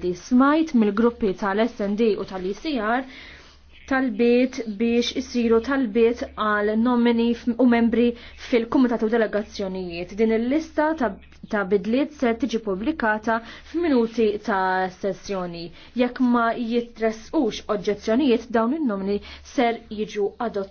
di smajt mill-gruppi tal-SND u tal-ICR tal-bit biex isiru tal-bit għal nomini u membri fil-Kumitat u Delegazzjonijiet. Din il-lista ta', bidliet se tiġi publikata f'minuti ta' sessjoni. Jekk ma jitresqux oġġezzjonijiet dawn il-nomini ser jiġu adottati.